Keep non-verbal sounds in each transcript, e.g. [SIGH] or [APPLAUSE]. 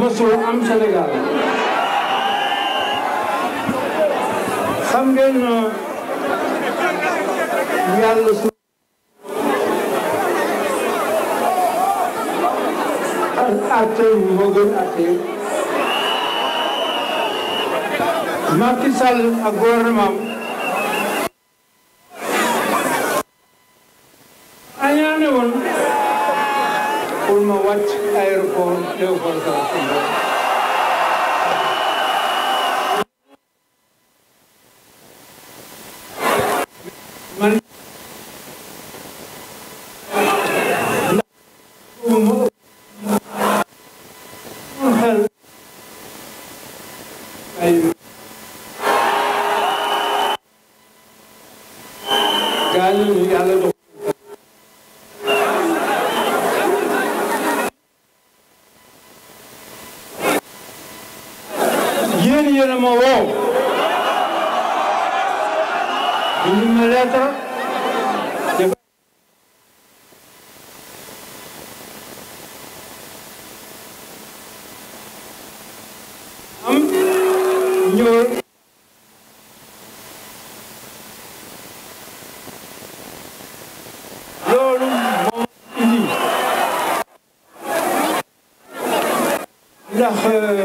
mësul am Sénégal xam ngeen yàlla su atte moo gën atte Macky Sall ak gouvernement añaane woon pour ma wàcc aéroport Léopold Sédar Senghor ndax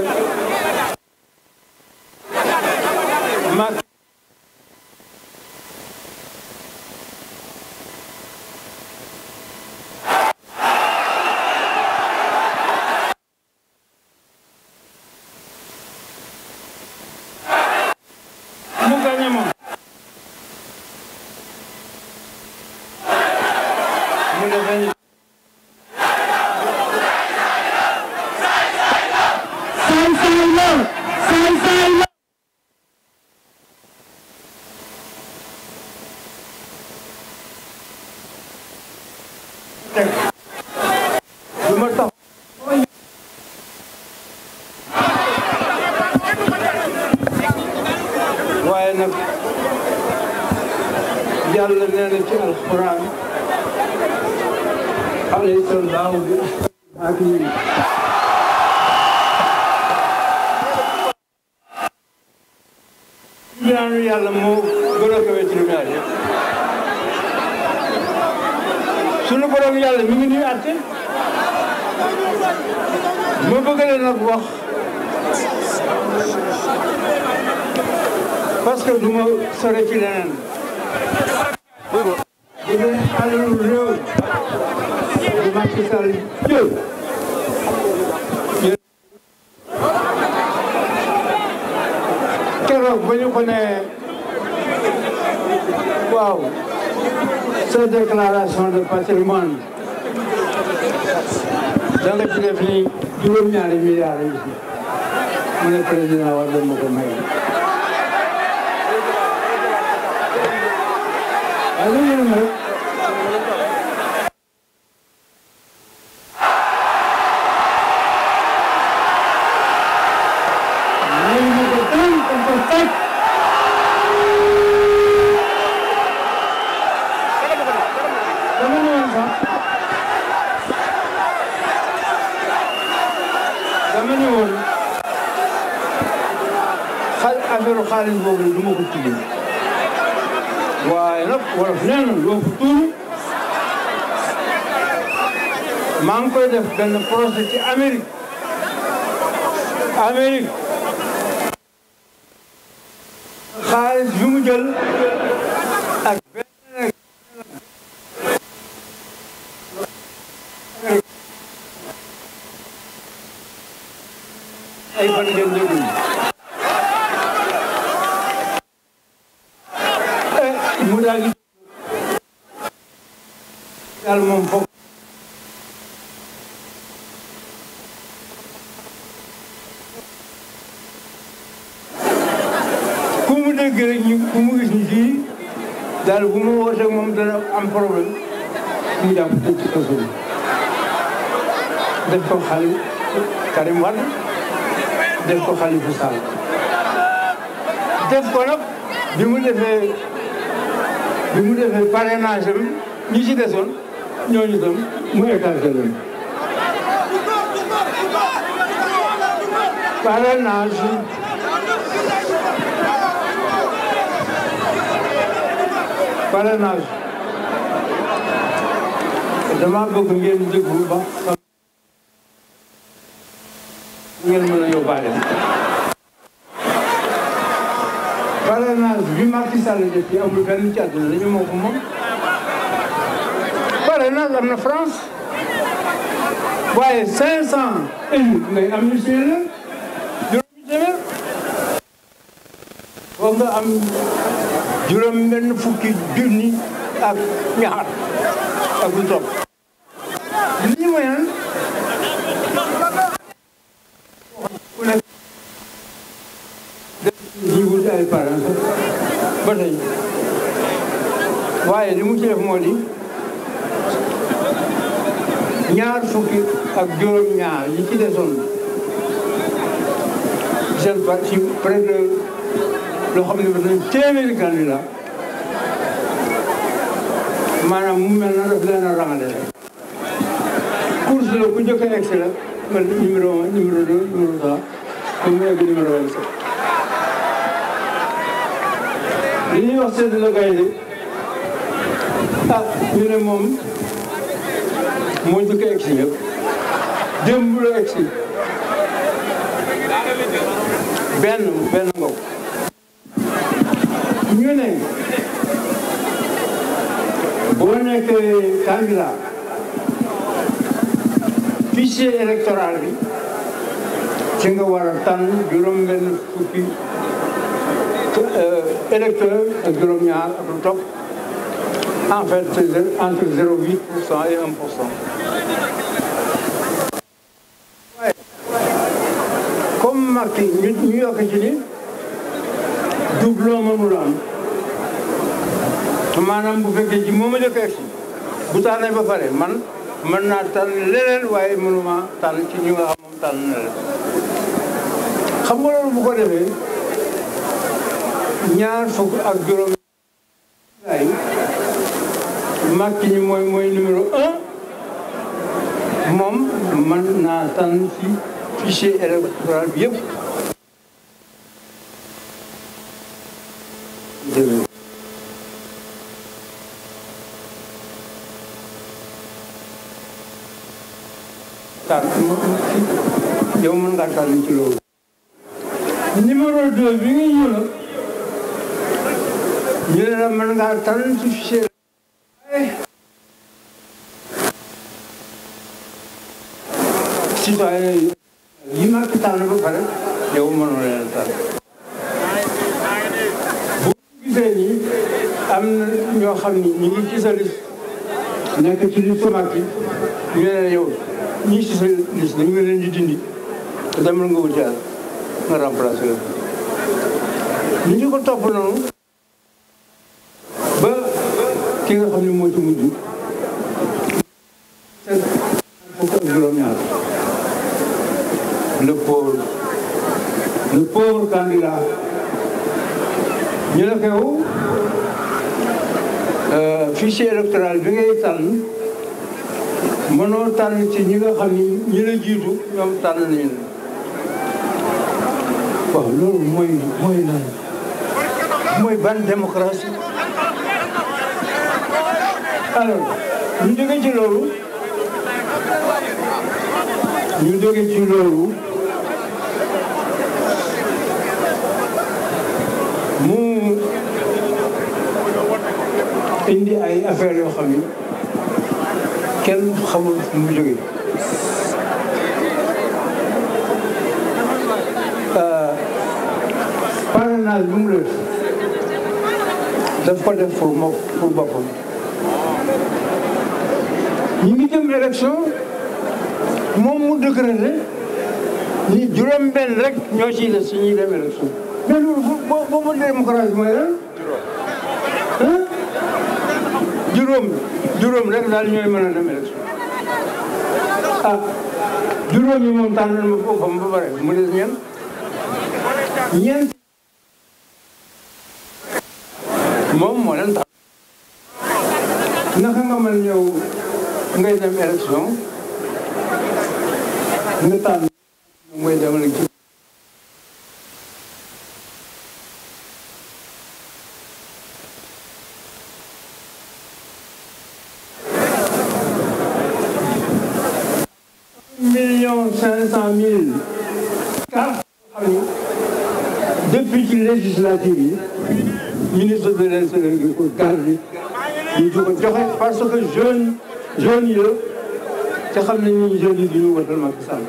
teg lu ma tax waaye nag yàlla nee na ci alxuraan alayhi sallahu bi yàlla mi ngi ñuy àtte ma bëgg leen nag wax parce que du ma sore ci leneen bu dee alalu réew bu Macky Sall jël keroog ba ñu ko ne waaw sa déclaration de patrimoine da nga ci def ni juróom-ñaari milliards yi si mu ne président war na ma ko may. waaye def benn projet ci Amérique Amérique xaalis bi mu jël ak benn ay fan ngeen jógee eh, mu daal di daal moom foofu daal bu ma moom dana am problème mu jàpp ko def ko xali Karim Wade def ko Khalifa Sall def ko nag bi mu defee bi mu defee parrainage ñi ci desoon ñooñu itam mu écarté leen parrainage parrainage dama bëgg ngeen déglu ba ngeen mën a yóbbaale parrainage bi Macky Sall def ci amul benn ci àdduna dañu moo am na France waaye cinq cent élus am ñu séeréer juróomi téeméer nga juróom benn fukki junni ak ñaar ak lu topp li ñu mel jiwul ay parents ba tey waaye li mu ci def ñaar fukki ak juróom ñaar yi ci desoon jël ba ci loo xam ne dañu téeméeri candidat maanaam mu mel na daf leen a rangale course la mu egg numéro vingt-sept li ñuy wax sedd la gaynde ah ñu ne moom moo njëkk a egsi ñëpp démb la ñu ne boo nekkee candidat fichier électoral bi ci nga war a tànn juróom-benn fukki euh, électeur ak juróom-ñaar ak lu topp en fait c'est entre 0,8 pour cent et 1 pour cent. comme Macky ñu ñu yokk ci tuub loo mënul am maanaam bu fekkee ci moom a jëkk egsi bu tànnee ba pare man man naa tànn leneen waaye mënuma tànn ci ñu nga xam moom tànn na xam nga bu ko defee ñaar fukk ak juróom ay màkk ñi mooy mooy numéro un moom mën naa tànn ci fichier électoral bi waxtaan yow mën ngaa tànn ci loolu. numéro 2 bi nga ñëw la ñu ne la mën ngaa tànn ci fichier citoyen yi ma ko tànn ba pare yow mënoo leen tànn. bu gisee nii am na ñoo xam ni ñu ngi ci sa liste nekk ci liste mag bi ñu ne la yow. ñi ci sa liste dañu nga leen di dindi te demal nga wuti àll nga remplacé leen li ñu ko topp noonu ba ki nga xam ne moo ci mujj fukk ak juróom-ñaar le pauvre le pauvre candidat ñu ne xew fichier électoral bi ngay tànn mënoo tànn ci ñi nga xam ni ñi la jiitu ñoom tànn nañu la waaw mooy mooy lan mooy ban démocratie alors ñu jóge ci loolu ñu jóge ci loolu mu indi ay affaires yoo xam ni kenn xamul lu mu jógee euh, parrainage bu mu def daf ko def pour moom pour boppam ñu ngi jëm élection moom mu décrété ni juróom benn rek ñoo ciy des suñuy dem élection mais loolu boo boo démocratie mooy lan juróom juróom rek daal ñooy mën a dem élection ah juróom yi moom tànn ma boppam ba pare mu des ñen ñeent moom moo leen tax naka nga mën ñëw ngay dem élection nga tànn mooy demal ci législative yi ministre de l'intérieur bi ñu di ko joxe parce que jeune jeune yi la te xam nañ ni jeunes yi du ñu wotal Macky Sall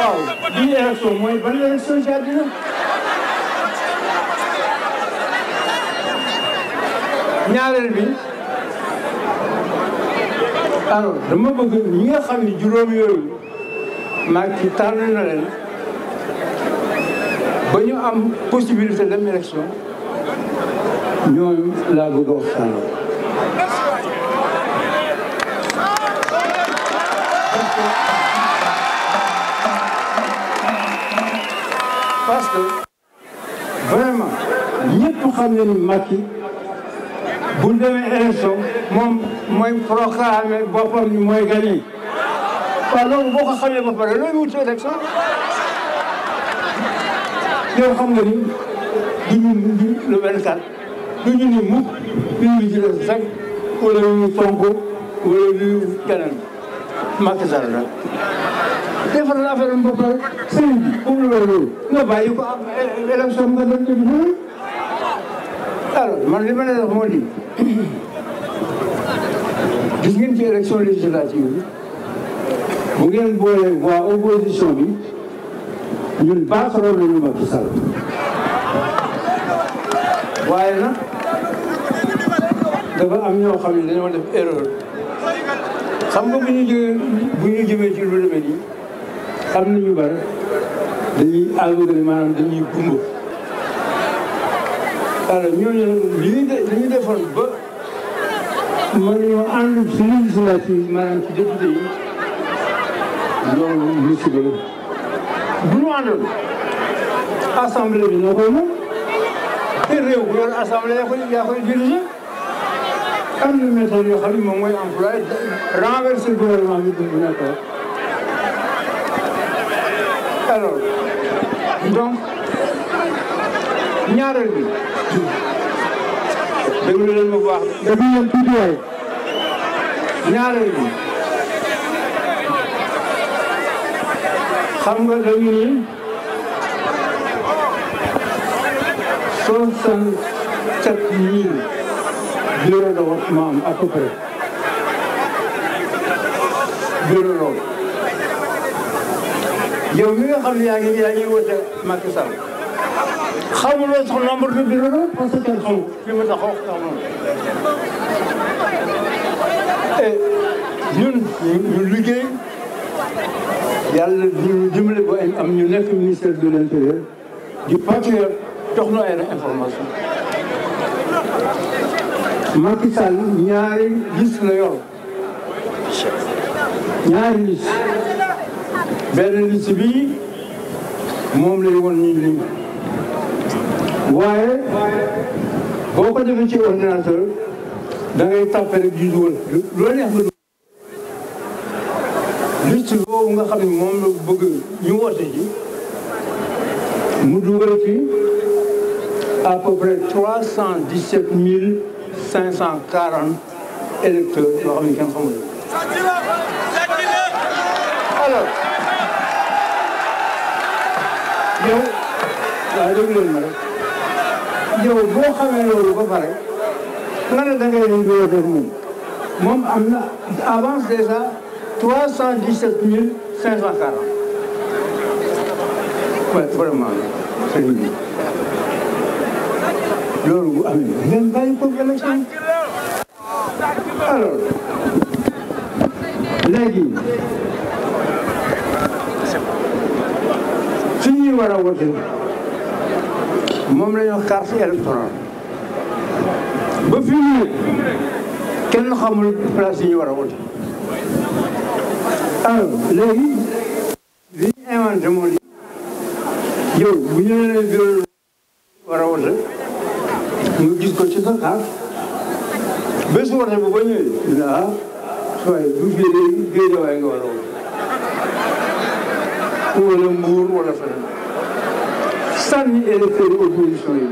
waaw bii élection mooy ban élection ci àddina ñaareel bi alors dama bëgg ñi nga xam ne juróom yooyu maag ci tànn na leen ba ñu am possibilité dem élection ñooñu laa bëgg a waxtaanal parce que vraiment ñëpp xam ne ni Macky bu demee élection moom mooy proclamé boppam ni mooy gagné waaw loolu boo ko xamee ba pare looy wut élection yow xam nga ni du ñu du le 24 du ñu ni mukk du ñu ci des sax wala ñu Sonko wala ñu keneen Macky Sall la defar la affaire am ba pare sëriñ bi comme lu loolu nga bàyyi ko am élection nga doon déglu loolu alors man li ma la wax moo di gis ngeen ci élection législative bi bu ngeen boole waa opposition bi ñun baaxaloon nañu Macky Sall waaye nag dafa am ñoo xam ne dañoo def erreur xam nga bu ñu jëmee ci lu demee nii xam nañu bari dañuy aveugle maanaam dañuy gumba alors ñooñu ñu defoon ba mën nañoo ànd ci maanaam ci député yi loolu ministre bi bu ñu àndoon assemblée bi ñoo koy moom te réew bu yor assemblée yaa koy yaa koy dirigé am na méthode yoo xam ne moom mooy employé renverser gouvernement bi bu nekk alors donc ñaareel bi déglu leen bu baax déglu leen bi xam nga dañu ni soixante-sept mille bureau de vote ma am à peu près de vote yow mi nga xam yaa ngi yaa ngi wote Macky Sall xamuloo sax nombre de bureau la parce que kenn xamul fi ma taxaw xamul eh, ñun ñu liggéey yàlla ñu dimbale ba am ñu nekk ministère de l'intérieur di patriote jox na ay information Macky Sall ñaari gis la yoon ñaari liste benn liste bi moom lay won ñu li waaye boo ko defee ci ordinateur da ngay tàppe rek jiitu lu la neex liste boobu nga xam ne moom la bëgg ñu woote ji mu dugal fi à peu près trois cent xam ne kenn xamul alors yow waaye yow boo xamee loolu ba pare nga ne da ngay leen di moom moom am na avance déjà 317 540 waaye vraiment sëñ bi loolu bu amee ngeen bàyyi ko élection alors léegi fi ñuy war a wote moom la ñu carte électorale ba fii nii kenn xamul place yi ñu war a wote alors ah, léegi bi ñu inventé moo di yow bu ñu nee viol war a wote ñu gis ko ci sa xaar bés wote bu ba ñëwee dina ah waaye bu géej géej waaye war a wote wala mbuur wala feneen sànni électeur opposition yi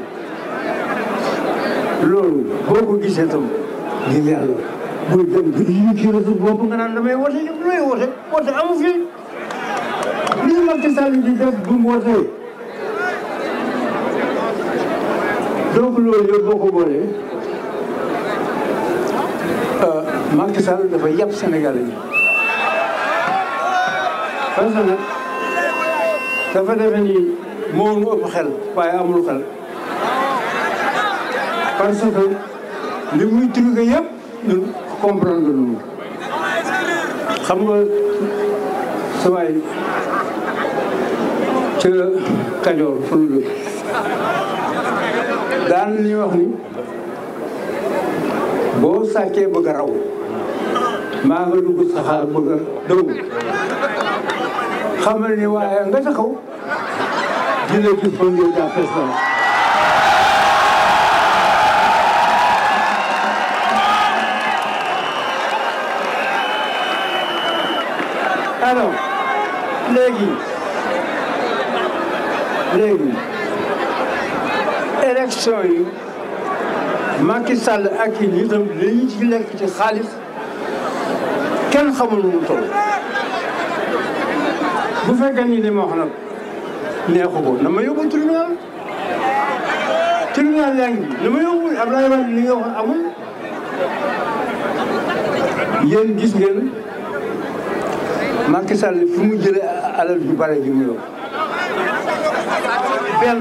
loolu boo ko gisee tam ngir booy dem ba yéeg ci réseau boobu nga naan damay woote ñu looy woote woote amu fi lii Macky Sall di def bu mu wootee donc loolu yëpp boo ko boolee Macky Sall dafa yàpp Sénégal yi parce que nag dafa defe ni moo ñu ëpp xel waaye amul xel parce que li muy truqué yëpp ñun comprendre lu xam nga sawaay ca Kajoor fa lu daan li wax ni boo sàccee bëgg a maa nga dugg saxaar bëgg a daw xamal ni waaye nga sa kaw dina gis ba ngir daa fees alors léegi léegi élection yi Macky Sall ak i lii tam li ñu ci lekk ci xaalis kenn xamul nu mu toll bu fekkee ni li ma wax nag neexu ko na ma yóbbu tribunal tribunal yaa ngi na ma yóbbu Abdoulaye Wade li nga wax amul yéen gis ngeen Macky Sall fi mu jëlee alal ju bare ji mu yor benn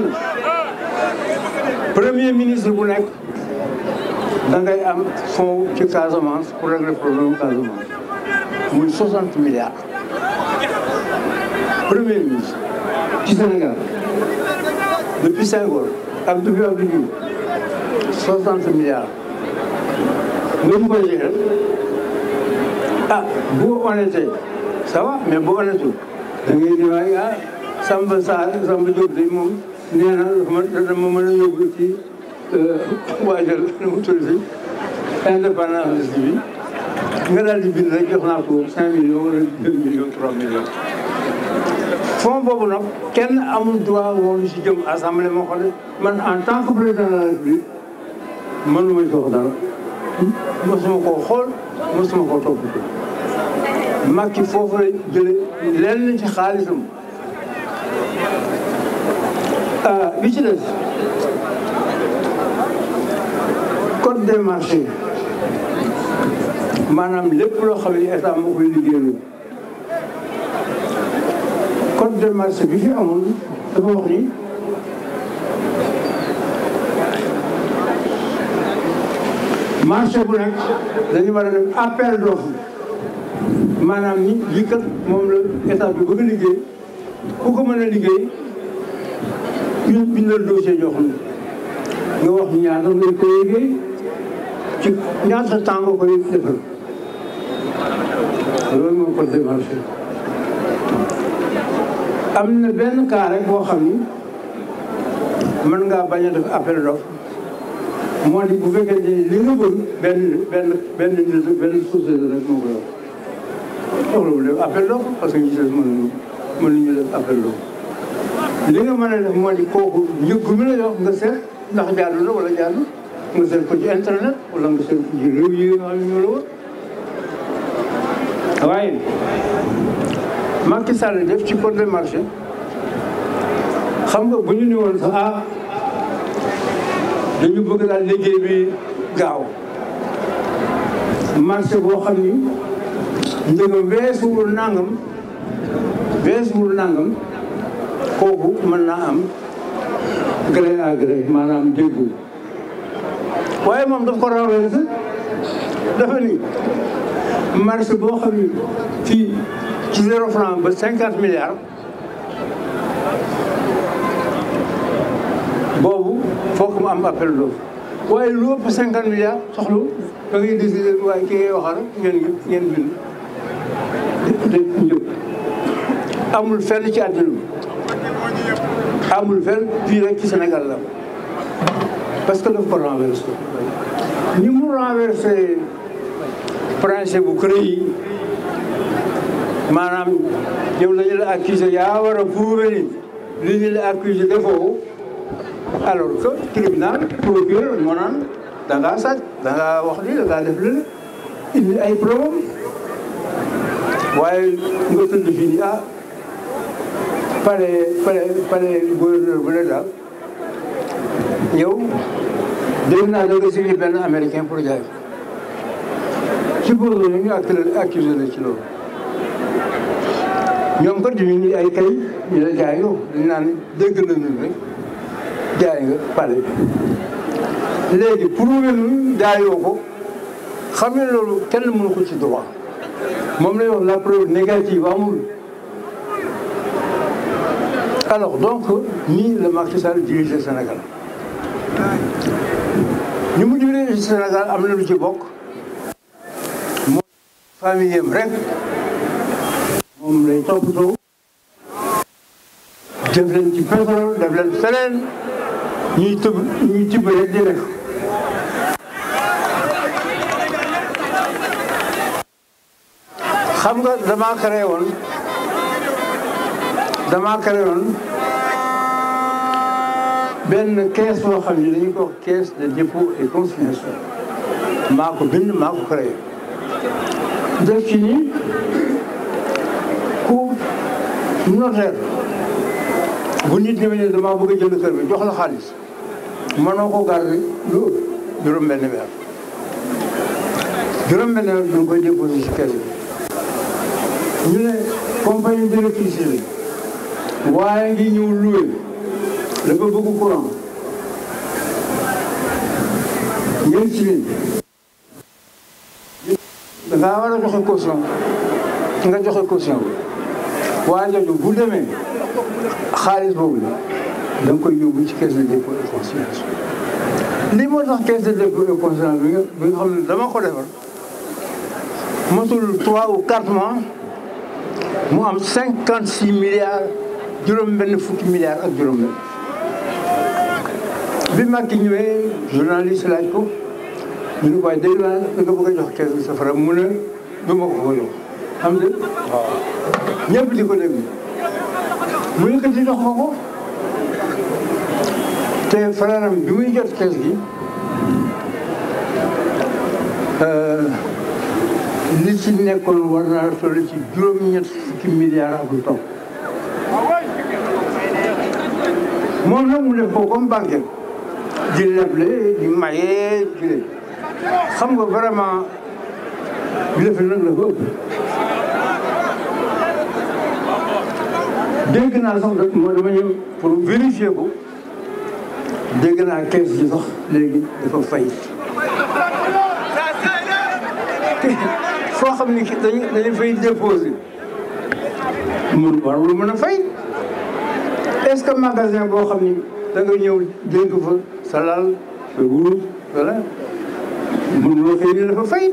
premier ministre bu nekk da ngay am fonds ci Casamance pour régler problème Casamance muy 60 milliards premier ministre ci Sénégal depuis Senghor ak depuis Abdou Diouf 60 milliards nga mu koy jël ah bu honnêteté ça va mais boo natul da ngay ne waay ah Samba Sarr Samba Diop day moom na ma mën a yóbbu ci euh, [LAUGHS] waajal nu mu tudd si indépendance bi nga daal di bind rek jox naa ko 5 millions wala 2 millions 3 nag kenn amul droit woon si jëm assemblée moo xam man en tant que président de la république mënuma jox dara ko koo xool Macky foofu la jële lenn ci xaalisam ah, bi ci des code des marchés maanaam lépp loo xam ne état moo koy liggéeyal code des marchés bi fi amoon dafa wax marché bu nekk dañu war a def appel d'offre maanaam ñi li kat moom la état bi bëgg a liggéey ku ko mën a liggéey ñu biñ la dossier jox nga wax ñaata nga koy liggéey ci ñaata temps nga koy defal loolu moo ko démarché am na benn cas rek boo xam ni mën ngaa bañ a def appel d'offre moo di bu fekkee ni li nga bëgg benn benn benn rek moo koy wax mënul def appel d'offre parce li nga mën a def moo di kooku njëg gu mu la nga seet ndax jaadu la wala jaadu nga seet ko ci internet wala nga seet ko ci réew nga waaye Macky Sall def ci code de marché xam nga bu ñu ni woon sax ah dañu bëgg daal liggéey bi gaaw marché boo xam ni ndëgam weesuwul nangam weesuwul nangam kooku mën naa am gré à gré maanaam waaye moom daf ko renversé dafa ni marché boo xam ni ci zéro franc ba cinquante milliards boobu foog mu am appel d'offres waaye lu ëpp cinquante milliards soxlu da ngay décider waaye ki ngay ngeen ngeen de njub amul fenn ci àddina amul fenn fii ci Sénégal la parce que dafa ko renversé ni mu renversé principe bu CREI yi maanaam yow la ñu yaa war a prouver la accusé defoo alors que tribunal procureur moo naan da wax lii da ngaa def lii ay problème waaye ñu ko tudd fii nii ah pare pare pare gouverneur bu ne daal yow dégg naa da nga benn américain pour jaay ci góorlu ñu ñu accusé la ci loolu ñoom kat ñu ni ay kay ñu la jaay yow dañu naan dégg nañu rek jaay nga pare léegi pour wéru jaayoo ko xam loolu kenn mënu ko ci droit moom lay wax la preuve négative amul alors donc nii la Macky Sall Sénégal ñu mu dirige Sénégal am na lu ci bokk moom famille am moom leen ci pétrole def leen feneen ñuy tëb ñuy tibb rek di xam nga dama créé woon dama créé woon benn caisse boo xam ne dañu ko caisse de dépôt et consignation maa ko bind maa ko créé def ci ni ku notaire bu nit ñëwee ne dama bëgg a jënd kër bi jox la xaalis mënoo ko garder lu juróom-benn weer juróom-benn weer du koy déposé si kër bi ñu ne compagnie d'électricité bi waaye ngi ñëw loué dafa bëgg courant ngeen ci biir dafa war joxe caution nga joxe caution waaye jooju bu xaalis boobu la da nga koy yóbbu ci caisse de dépôt et li moo tax caisse de dépôt et consignation nga xam ne dama ko defar mosul trois ou quatre mois mu am 56 milliards juróom-benn fukki milliards ak juróom-benn bi Macky ñëwee journaliste laaj ko ñu ne waaye day laa nga bëgg a jox keesu safara mu ne du ma jox xam nga ñëpp di ko jox kees gi euh, li ci nekkoon war naa toll ci ñett fukki milliards ak lu topp moom mu def ko comme banque di leble di maye di le xam nga vraiment lefe nag la ko ëpp dégg naa sax rek moo dama ñëw pour vérifier ko naa kees gi [LAUGHS] foo xam ni dañu dañu fay déposé mun war lu mën a fay est-ce que magasin boo xam ni da nga ñëw dénk fa sa lal sa wurus voilà ni dafa fay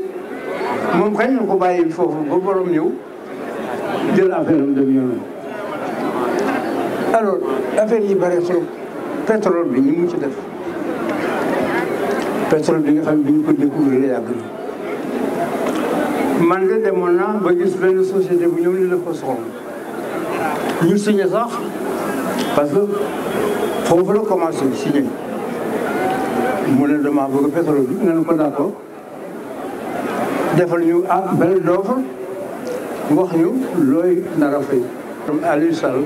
moom xëy na ko bàyyi foofu ba borom ñëw jël affaire am dem yoonam alors affaire yi bare trop pétrole bi ñu mu ci def pétrole bi nga xam ne bi ñu ko découvrir yàgg man de demoon naa ba gis benn société bu ñëw ni la ko soxla ñu signé sax parce que foofu la commencé signé mu ne dama bëgg pétrole bi nañu ko d'accord defal ñu ah benn doofa wax ñu looy nar a fay Aliou Sall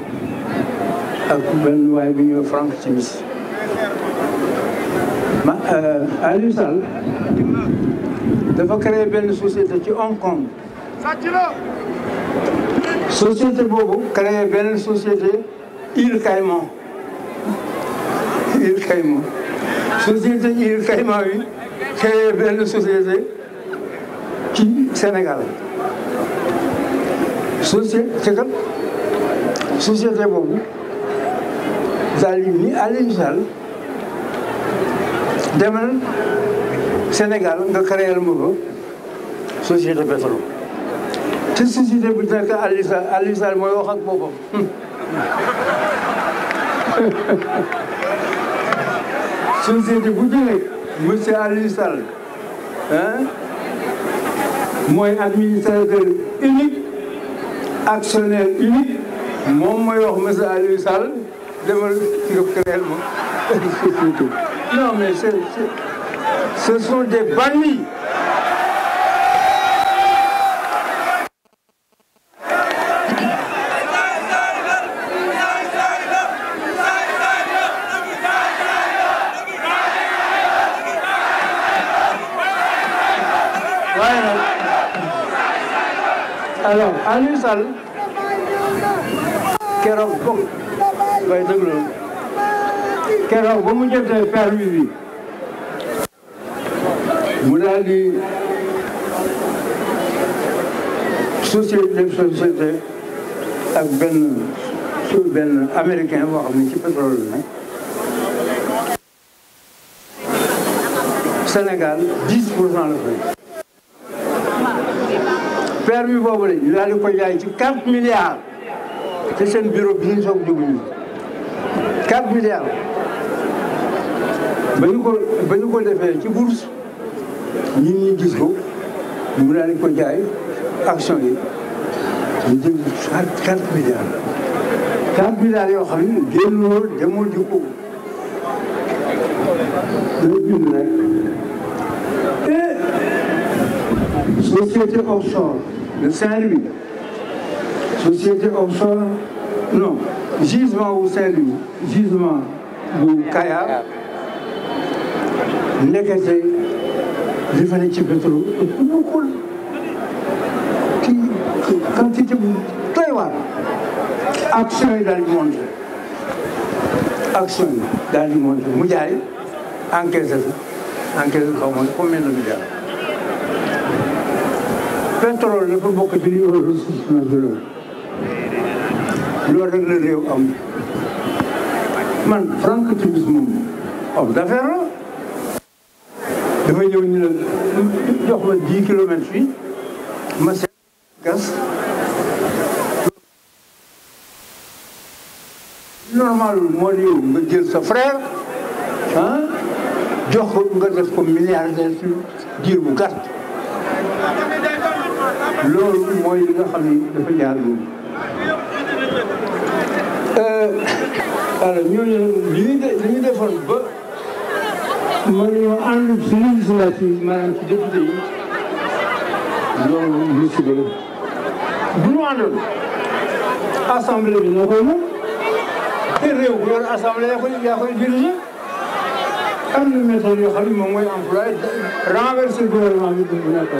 ak benn waay bi ñëw Franck Timis ma euh, Aliou Sall dafa créer benn société ci Hong Kong société boobu créer benn société île Caïman île Caïman société île Caïman yi créer benn société ci Sénégal société cekat société boobu daal yi ni Aliou Sall demal Sénégal nga créé ma ko société pétrole te société bu nekk Aliou Sall Aliou Sall mooy wax ak boppam société bu nekk monsieur Aliou Sall administrateur unique actionnaire unique moom mooy wax monsieur Aliou Sall demal nga créé ma [LAUGHS] société non mais Ce sont des bannis. alors Aliou Sall keroog bokk bay déglu mu jotee permis bi mu daal di société def société ak benn su benn américain boo xam ne ci Sénégal 10 pour cent la fay permis boobu la ñu ko jaay ci 4 milliards te seen bureau bi ñu soog dugg ñu milliards ba ñu ko ba ñu ko defee ci bourse ñun ñu gis ko mu daal di ko jaay action yi ñu jënd 4 milliards 4 milliards yoo xam ne génnoo demoo ji ko dañu bind nag et société offshore de Saint-Louis société offshore non gisement wu Saint-Louis gisement bu Kayar nekkete li fa ne ci pétrole ku bokkul kii quantité bu doy waar action yi daal mu jaay encaissé sa encaissé xaw ma combien la mu jaay pétrole dafa bokk ci li ressource naturelle loolu rek la réew am man franc turisme moom homme dafay ñëw ñu ne jox di yow nga ah, jox nga def ko milliardaire ci diir bu gàtt loolu mooy li nga xam ni euh, li ñu defoon ma ñoo ànd ci législative maanaam ci député yi loolu musiba la bu ñu àndoon assemblée bi ñoo koy moom te réew bu yor assemblée yaa koy yaa koy dirigé am na méthode yoo xam ne moom mooy employé renverser gouvernement bi bu ñu nekk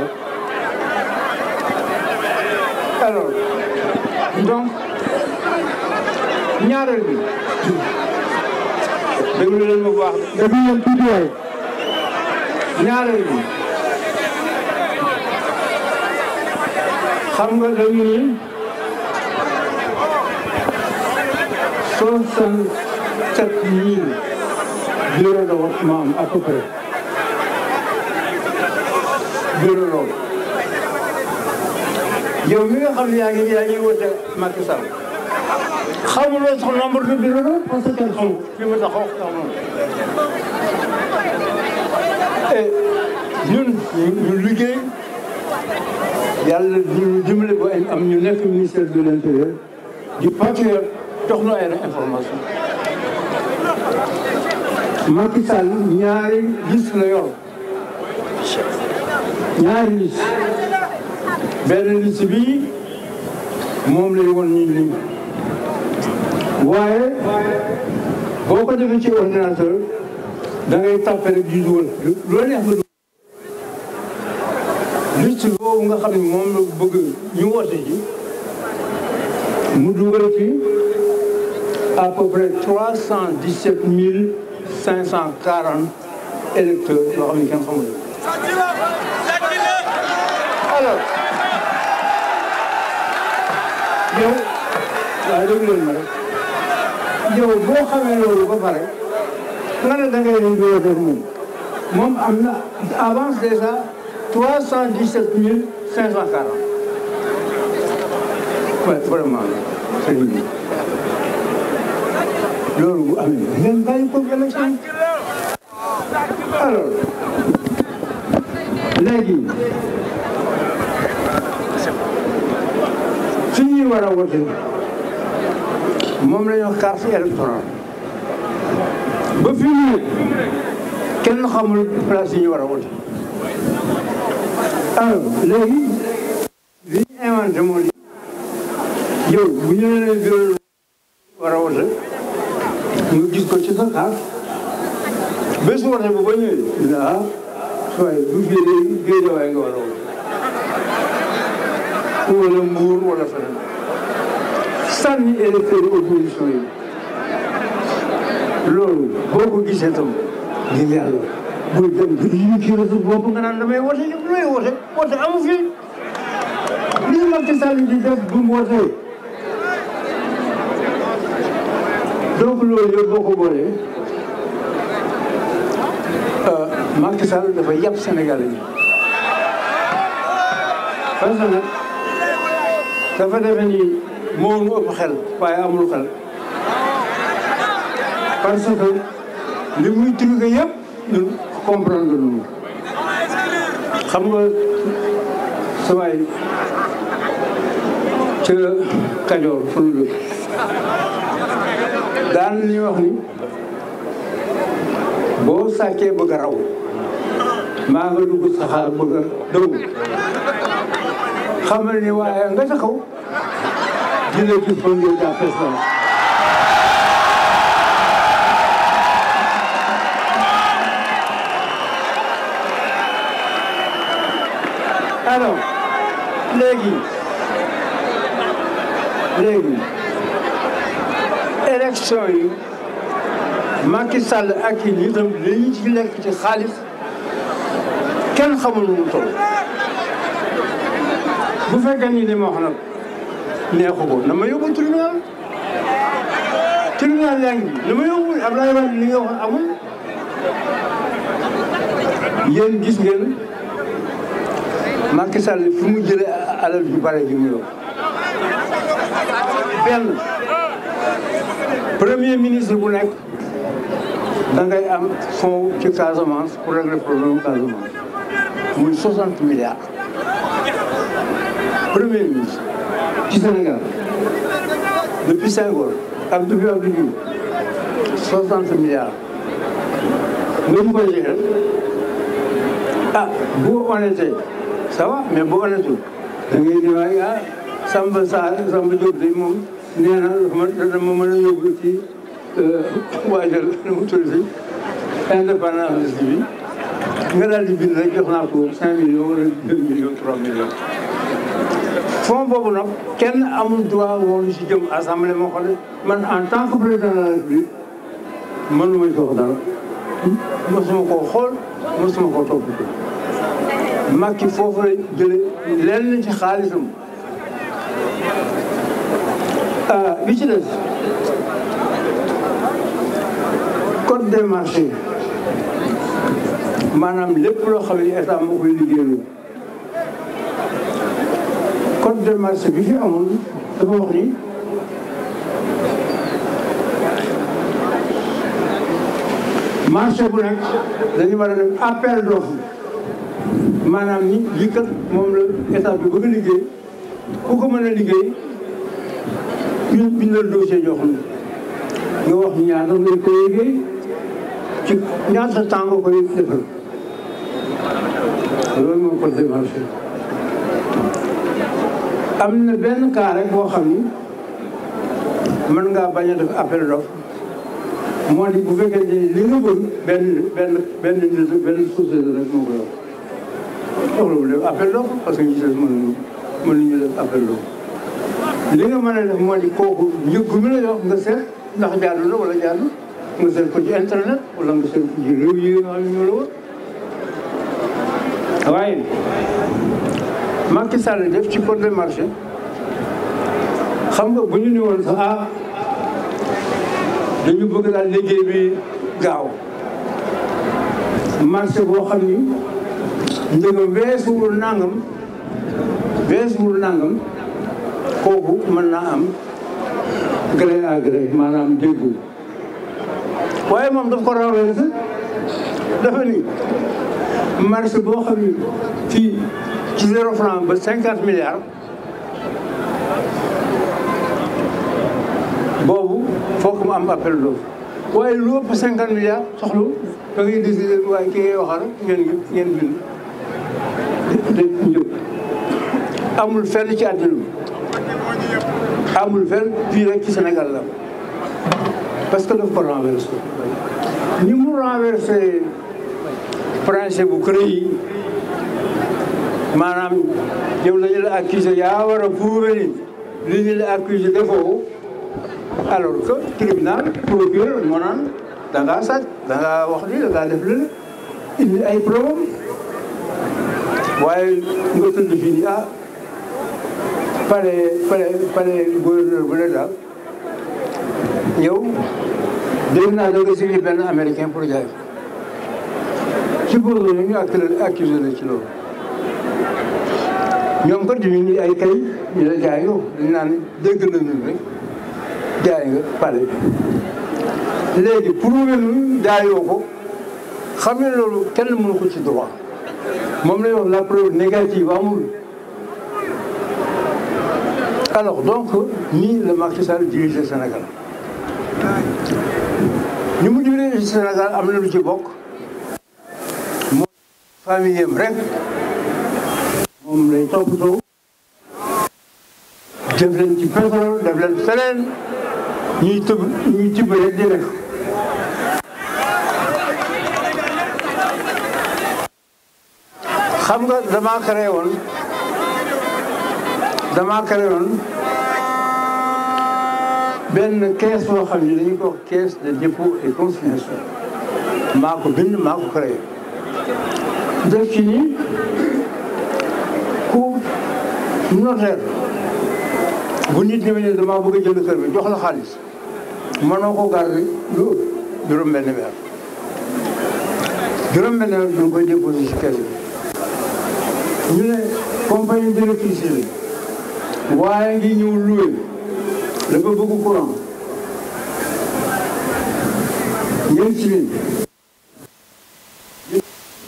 alors donc ñaareel bi déglu leen bu baax de. déglu leen tuuti waay. ñaareel bi. xam nga dañu ni soixante-sept mille bureau de vote ma am à peu près yow mi nga xam yaa ngi yaa ngi wote Macky Sall xamuloo sax nombre de bureau parce que kenn xamul li ma taxaw eh, ñun ñu liggéey yàlla ñu dimbale am ñu nekk ministère de l' intérieur du jox na ay information Macky Sall ñaari liste la yor ñaari liste benn liste bi moom lay won ñu nii waaye boo ko defee ci ordinateur da ngay tàppe rek di dugal loo neex nga liste boobu nga xam ne moom la bëgg ñu woote ji mu dugal fii à peu près dix sept mille cinq cent quarante électeurs yoo xam ne kenn xamul alors yow waaye déglu leen ma rek ndax yow boo xamee loolu ba pare nga ne da ngay liggéey ak moom am na avance déjà trois cent dix-sept mille cinq cent quarante waaye vraiment sëriñ bi loolu bu amee ngeen bàyyi ko élection alors léegi fi war a wote moom la ñuy wax carte électorale ba fii mu ne kenn xamul place yi war a wote alors léegi li ñu inventé moo di yow bu ñu nee bureau war a wote ñu gis ko ci sa carte bés wote bu ba ñëwee dina ah waaye bu génnee génne waaye nga war a wote électeurs yi opposition yi loolu boo ko gisee tam ngir yàlla booy dem di liggéeyal sa bopp nga naan damay woote ñoom looy woote woote amu fi lii Macky Sall di def du mu woote donc loolu yëpp boo ko boolee euh, Macky Sall dafa yàpp Sénégal yi parce que nag dafa defe ni moo nu ëpp xel waaye amul xel parce que li muy truqué yëpp ñun comprendre lu xam nga sawaay ca Kajoor fa nu jóg daan li wax ni boo sàccee bëgg a raw maa nga dugg saxaar bëgg a daw xamal ni waaye nga taxaw Dilekçe son derece affetmez. Alors, léegi léegi élection yi Macky Sall ak yi itam li ñu ci lekk ci xaalis kenn xamul nu mu bu fekkee ni li ma wax neexu ko na ma yóbbu tribunal tribunal yaa ngi na ma yóbbu Abdoulaye Wade li nga wax amul yéen gis ngeen Macky Sall fu mu jëlee alal ju bari ju mu yor benn premier ministre bu nekk dangay am fonds ci Casamance pour régler problème Casamance muy 60 milliards premier ministre ci Sénégal depuis Senghor ak depuis Abdou Diouf 60 milliards. nga ñu koy yéexal ah boo honnêté ça va mais boo honnêtul da ngay di waay ah, Samba Sarr Samba Diop de moom nee na dafa mën a ci euh, [COUGHS] waajal nu mu tudd si indépendance bi nga daal di bind rek naa ko 5 millions wala 2 millions 3 millions. fond boobu nag kenn amul droit woolu si jëm assemblée moo xam man en tant que président de la république mënu ma jox dara mosuma koo xool mosuma koo toppatoo Macky foofu la jëlee lenn ci xaalisam bi euh, ci des code des marchés maanaam lépp loo xam ne état moo koy liggéeyal code de marché bi fi amoon dafa wax ni marché bu nekk dañu war a def appel d'offre maanaam ni lii kat moom la état bi bëgg a liggéey ku ko mën a liggéey ñu bindal dossier nga wax ñaata lañ koy liggéey ci ñaata temps koy defal loolu moom code de marché am na benn cas rek boo xam ni mën ngaa bañ a appel d'offre moo di bu fekkee ni li nga bëgg benn benn benn nit benn société rek moo ko yor def appel d'offre parce que ñu des mënuñu li nga mën a def moo di kooku njëggu mi la yor nga seet ndax jaadu la wala jaadu nga seet ko internet wala nga seet ko ci yi nga xam ne la waaye Macky Sall def ci code des marchés xam nga bu ñu ni woon sax ah, dañu bëgg daal liggéey bi gaaw marché boo xam ni njëgam weesuwul nangam weesuwul nangam kooku mën naa am gré à gré maanaam déggu waaye moom daf ko rawee sax dafa ni marché boo xam ni fii ci zéro franc ba cinquante milliards boobu foog mu am appel waaye lu ëpp cinquante milliards soxlu da ngay décider waaye ki ngay ngeen bind de amul fenn ci àddina amul fenn fii rek Sénégal la parce que daf ko renversé ni mu renversé principe bu CREI maanaam yow la ñu la yaa war a prouver ni li ñu la defoo alors que tribunal procureur moo naan da ngaa sàcc da ngaa wax lii da ngaa def lii indi ay problème waaye nga tënd fii nii pare pare pare bu ne daal yow dégg naa da nga suivi benn américain pour jaay ci góor la ñu accusé la ci loolu ñoom kat ñu ngi ay kay ñu la jaay nga naan dégg nañu rek jaay nga pare léegi prouvé nu jaayoo ko xam ne loolu kenn mënu ci droit moom lay wax la preuve négative amul alors donc nii la Macky Sall dirige Sénégal ñu mu dirige Sénégal am na lu ci bokk moo famille am rek moom lay toppatoo def leen nga damaa créé woon damaa créé woon benn caisse boo xam ne ko wax de dépôt et consignation maa ko bind maa notaire bu nit ñëwee ne damaa bëgg a jënd kër bi jox la xaalis mënoo ko garder lu ëpp juróom-benn weer juróom-benn weer du koy déposé si kees bi ñu ne waaye ngi ñëw loué dafa bëgg courant ñeent ci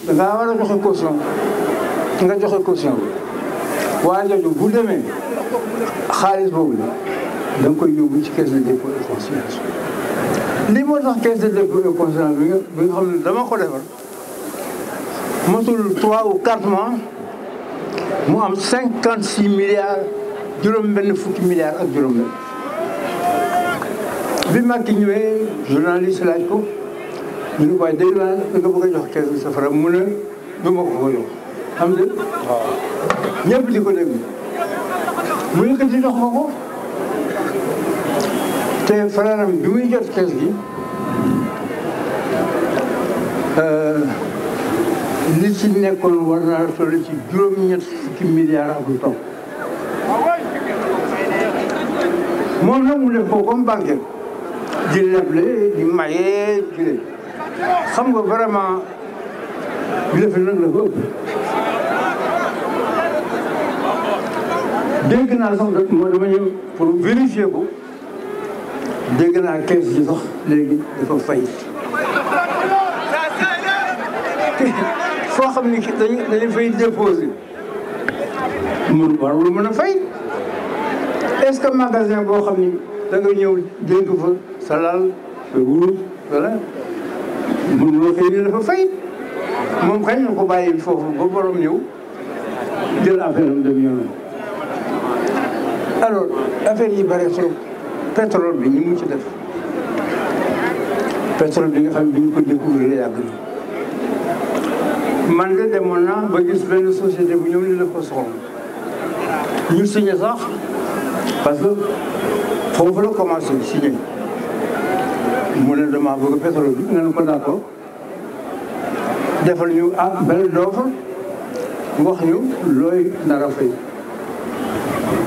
biir war a joxe caution nga joxe caution waa jooju bu demee xaalis boobu la da nga koy yóbbu ci caisse de dépôt et consignation li moo tax caisse de dépôt et consignation dama ko defar motul mu am cinquante six milliards juróom-benn fukki milliards ak juróom-benn bi Macky ñëwee journaliste laaj ko ñu ngi koy dégg naa a mu ne du ma ko ñëpp di ko déglu mu yëkkati jox ma ko te frère am bi muy jot kees gi li ci nekkoon war naa toll ci juróom-ñett fukki milliards ak lu moom nag mu def ko comme banque di leble di maye di xam nga vraiment bi defe nag la ko ëpp dégg naa sax moo ma ñëw pour vérifier ko dégg naa kees gi sax léegi dafa fay foo xam ni ki dañu dañu fay déposé mun warul mën a fay est-ce que magasin boo xam ni da nga ñëw dénk fa sa laal sa wurus voilà mun loo xëy ni dafa fay moom kañ la ko bàyyi foofu ba borom ñëw jël affaire am dem yoonam alors affaire yi bare trop pétrole bi ñu mu ci def pétrole bi nga xam ne bi ñu ko découvrir la yàgg na man de demoon naa ba gis benn société bu ñoom li la ko soxla ñu signé sax parce que foofu la commencé signé mu ne dama bëgg pétrole bi nga ne ko d'accord defal ñu ah benn doofa wax ñu looy nar a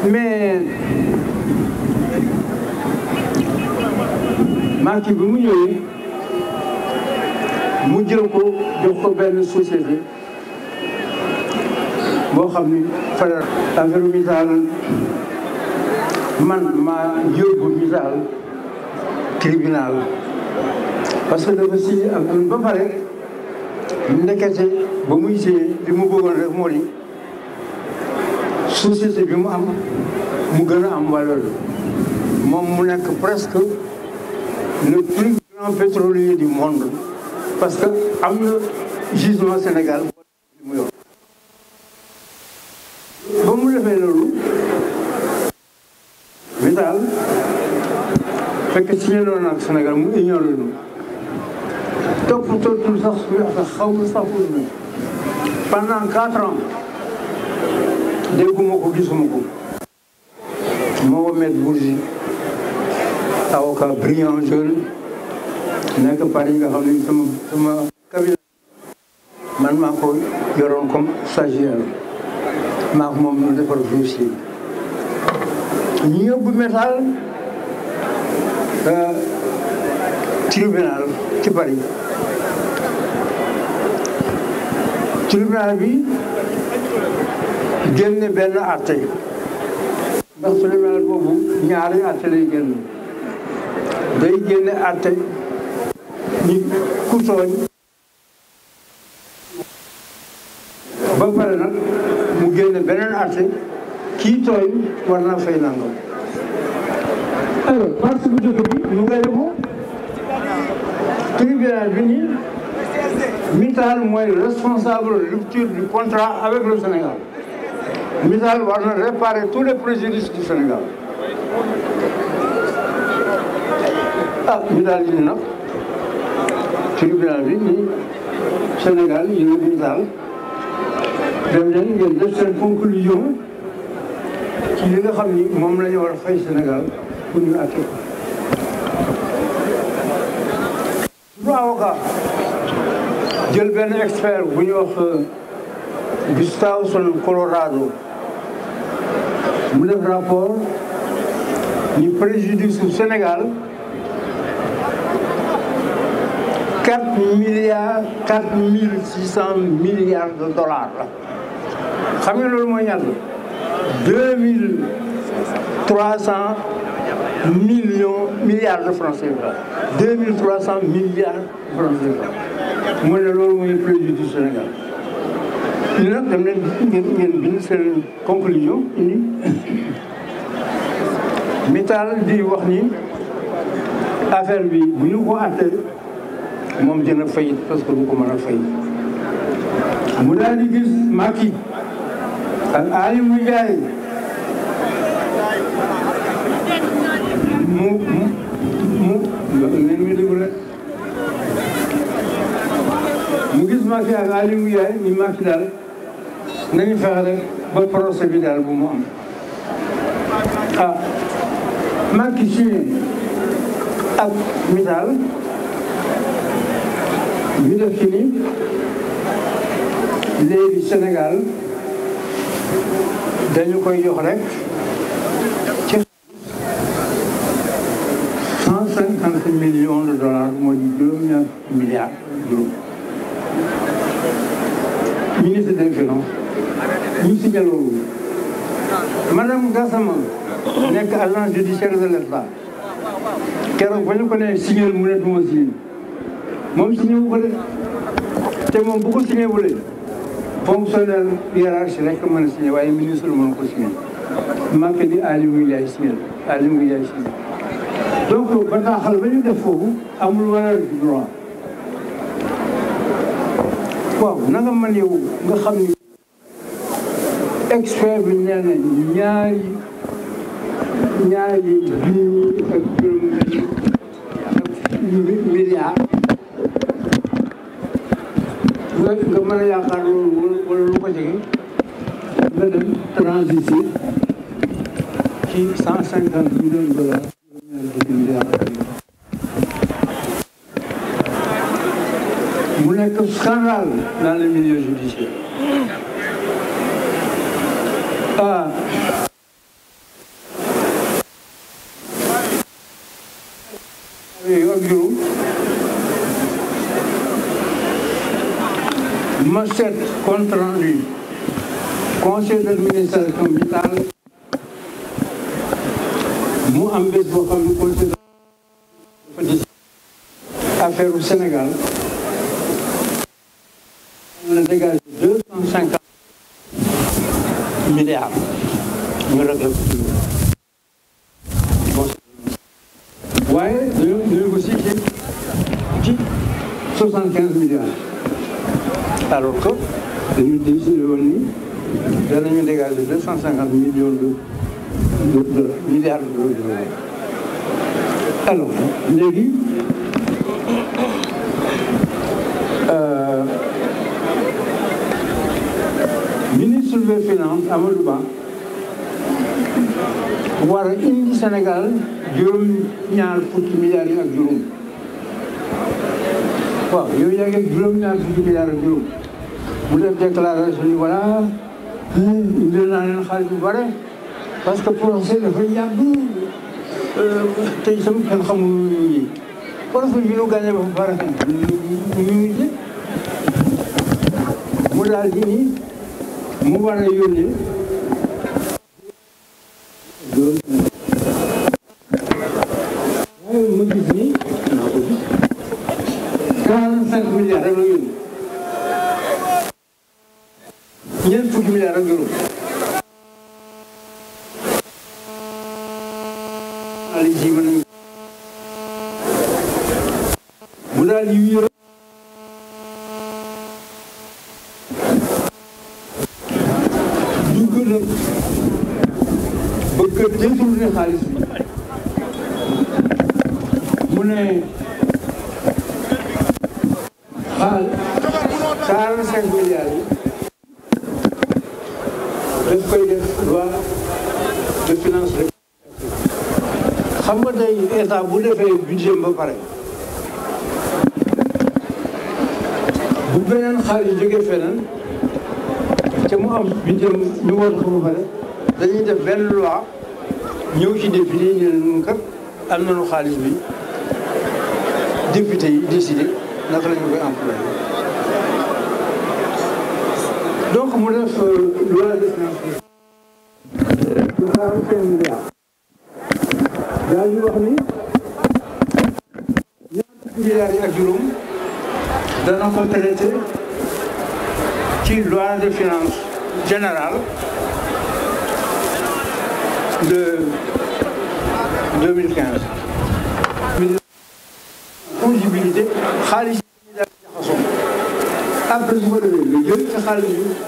mais Macky bi mu ñëwee mu jël ko jox ko benn société moo xam ni fayal affaire misaal man maa yóbbu misaal tribunal parce que dafa si am ba pare ndekete ba muy see li mu bëggoon rek moo di société bi mu am mu gën a am valeur moom mu nekk presque le plus grand pétrolier du monde parce que am na gisement Sénégal mu yor ba mu defee loolu Mittal fekk ci ñenoon ak Sénégal mu ignore ñu topp tootul sax suñu affaire xaw ma sax pendant quatre ans dégguma ko gisuma ko Mohamed Bourgi avocat brillant jeune nekk Paris nga xam ne sama sama man maa ko yoroon comme stagiaire maa ko moom nu defar dossier ñu yóbbu métal euh, tribunal ci Paris tribunal bi génne benn atte ndax suñu mel boobu ñaari atte lay génne day génne atte ñi ku tooñ ba pare nag mu génne beneen atte kii tooñ war naa fay nangam alors parce que jot bi ñu ngay defu tribunal bi nii Mittal mooy responsable rupture du contrat avec le Sénégal Misal war na réparer tous les préjudices du Sénégal ah Misal yi nag tribunal bi nii Sénégal yéen Misal dem leen ngeen def seen conclusion ci li nga xam ni moom la ñu war a fay Sénégal pour ñu àtte ko. suñu avocat jël benn expert bu ñu wax euh, Gustavo Colorado. mu def rapport ni préjudice su Sénégal quatre milliards quatre mille six cent milliards de dollars la xam nga loolu mooy ñaata deux mille trois cent millions milliards de francs CFA deux mille trois cent milliards de francs CFA mu ne loolu mooy préjudice du Sénégal léegi dem leen ngeen ngeen conclusion indi Mittal di wax ni affaire bi bu ñu ko àttee moom dina fay parce ko mën a mu daal di gis Macky ak Aliou Ndiaye mu mu mu mu gis Macky ak Aliou ni Macky daal. nañu fexe rek ba procès bi daal bu mu am ah Macky Sall ak misaal ñu léegi Sénégal dañu koy jox rek cent cinquante millions de dollars mooy juróom-ñaar milliards juróom ñu signé loolu madame Gassama nekk agent judiciaire de l'État keroog ba ñu ko nee signé mu ne du ma moom signé wu ko de te moom bu ko signé wu leen fonctionnaire hiérarchie rek mën a signé waaye ministre moo ko signé manqué ni Aliou Ndiaye signé Aliou Ndiaye signé donc bataaxal ba ñu def foofu amul wala droit waaw na nga mën yow nga xam ni expert bi nee na ñaari ñaari junni ak juróom milliard nga nga mën a yaakaar loolu wala lu ko jege nga dem transiter ci cent cinquante millions de dollars mu nekk scandale dans le milieu judiciaire ma seet compte rendu conseil d'administration vital mu am bés boo xam ne conseil Sénégal on a deux cent cinquante milliards ñu réglé ko waaye dañoo dañoo ko soixante quinze milliards alors que dañu dañu si woon ni danañu dégager deux cent cinquante millions de milliards de euros alors léegi. ministre des finances Amadou war indi Sénégal juróom ñaar fukki milliards juróom waaw yow yaa ngi juróom ñaar fukki milliards ak juróom mu bu bare parce que procès dafa yàgg euh, tey sama kenn xamul yi procès bi ñu gagné ba pare ñu ñu mu daal di nii mu war a yónni waaye mu gis président bu defee budget ba pare bu beneen xaalis jógee feneen te mu am budget ñu war ko ba pare dañuy def benn loi ñëw ci député yi ñu ne ñun kat am nañu xaalis bi député yi décidé naka la ñu koy donc mu def euh, loi de finances du xaar 5 wax ni milliards yi ak juróom dana ko traité ci loi de finance générale de 2015. convivialité xaalis yi daal di jaxasoo après su ma demee lu jëm ci xaalis yi.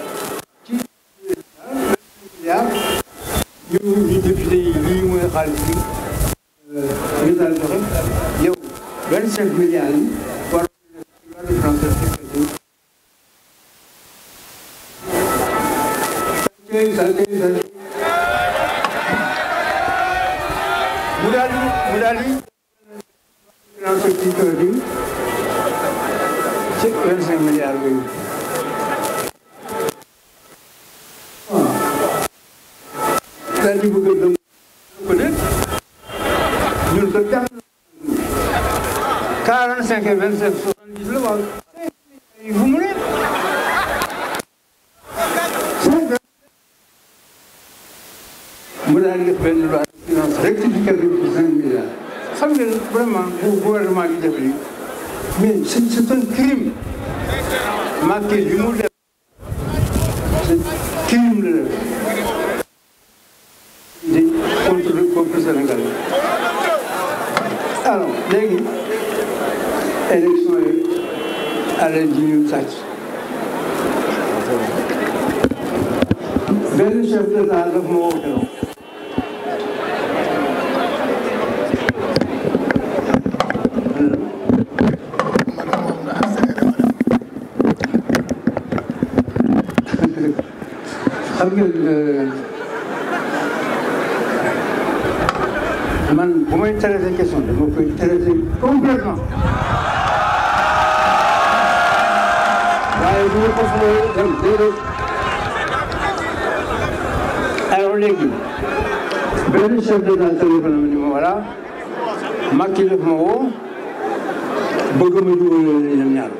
bu ngeen ko fu may dem déedéet alors léegi benn chef de danse téléphone ni ma voilà Macky def ma woo bëgg ma dugal leen ñoom ñaar